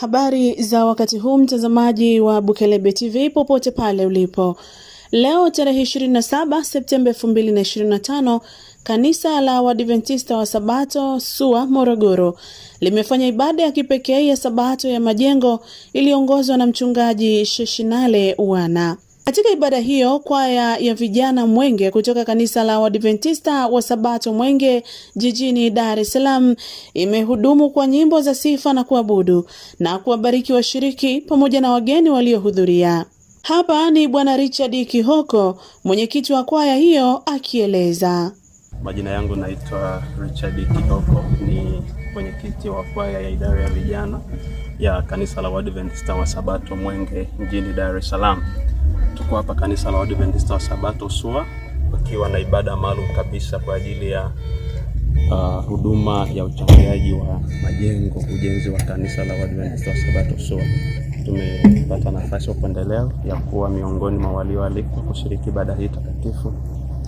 Habari za wakati huu mtazamaji wa Bukelebe TV popote pale ulipo. Leo tarehe 27 Septemba 2025, kanisa la Waadventista wa Sabato SUA Morogoro limefanya ibada ya kipekee ya Sabato ya majengo iliyoongozwa na Mchungaji Sheshinale Uwana. Katika ibada hiyo, kwaya ya vijana Mwenge kutoka kanisa la wadventista wa Sabato Mwenge jijini Dar es Salaam imehudumu kwa nyimbo za sifa na kuabudu na kuwabariki washiriki pamoja na wageni waliohudhuria. Hapa ni Bwana Richard Kihoko, mwenyekiti wa kwaya hiyo, akieleza. Majina yangu naitwa Richard Kihoko, ni mwenyekiti wa kwaya ya idara ya vijana ya kanisa la wadventista wa Sabato Mwenge mjini Dar es Salaam. Tuko hapa kanisa la Waadventista wa Sabato SUA wakiwa na ibada maalum kabisa kwa ajili ya uh, huduma uh, ya uchangiaji wa majengo, ujenzi wa kanisa la Waadventista wa Sabato SUA. Tumepata nafasi ya kuendelea ya kuwa miongoni mwa walioalikwa kushiriki ibada hii takatifu.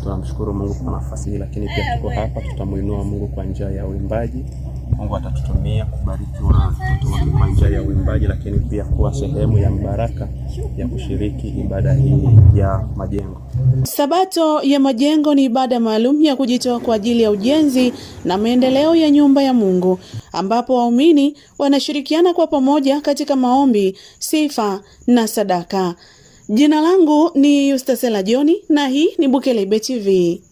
Tunamshukuru Mungu kwa nafasi hii, lakini pia tuko hapa, tutamuinua Mungu kwa njia ya uimbaji. Mungu atatutumia kubarikiwa watoto wake kwa njia ya uimbaji, lakini pia kuwa sehemu ya mbaraka ya kushiriki ibada hii ya majengo. Sabato ya majengo ni ibada maalum ya kujitoa kwa ajili ya ujenzi na maendeleo ya nyumba ya Mungu, ambapo waumini wanashirikiana kwa pamoja katika maombi, sifa na sadaka. Jina langu ni Yustasela Joni na hii ni Bukelebe TV.